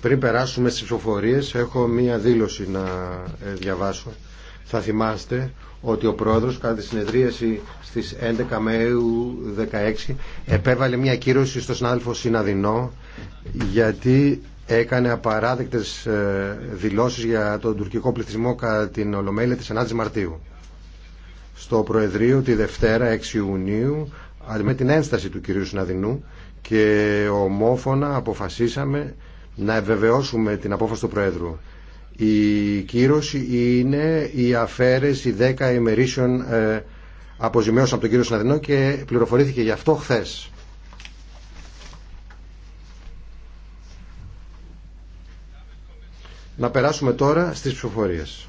Πριν περάσουμε στις ψηφοφορίες, έχω μία δήλωση να ε, διαβάσω. Θα θυμάστε ότι ο πρόεδρος κατά τη συνεδρίαση στις 11 Μαΐου 16 επέβαλε μία κύρωση στο συνάδελφο Συναδεινό γιατί έκανε απαράδεκτες ε, δηλώσεις για τον τουρκικό πληθυσμό κατά την Ολομέλεια της 9 Μαρτίου. Στο Προεδρείο τη Δευτέρα 6 Ιουνίου με την ένσταση του κυρίου Συναδεινού και ομόφωνα αποφασίσαμε να βεβαιώσουμε την απόφαση του Προέδρου. Η κύρωση είναι η αφαίρεση 10 ημερήσεων ε, αποζημιώσεων από τον κύριο Συναδεινό και πληροφορήθηκε γι' αυτό χθε. Να περάσουμε τώρα στις ψηφοφορίες.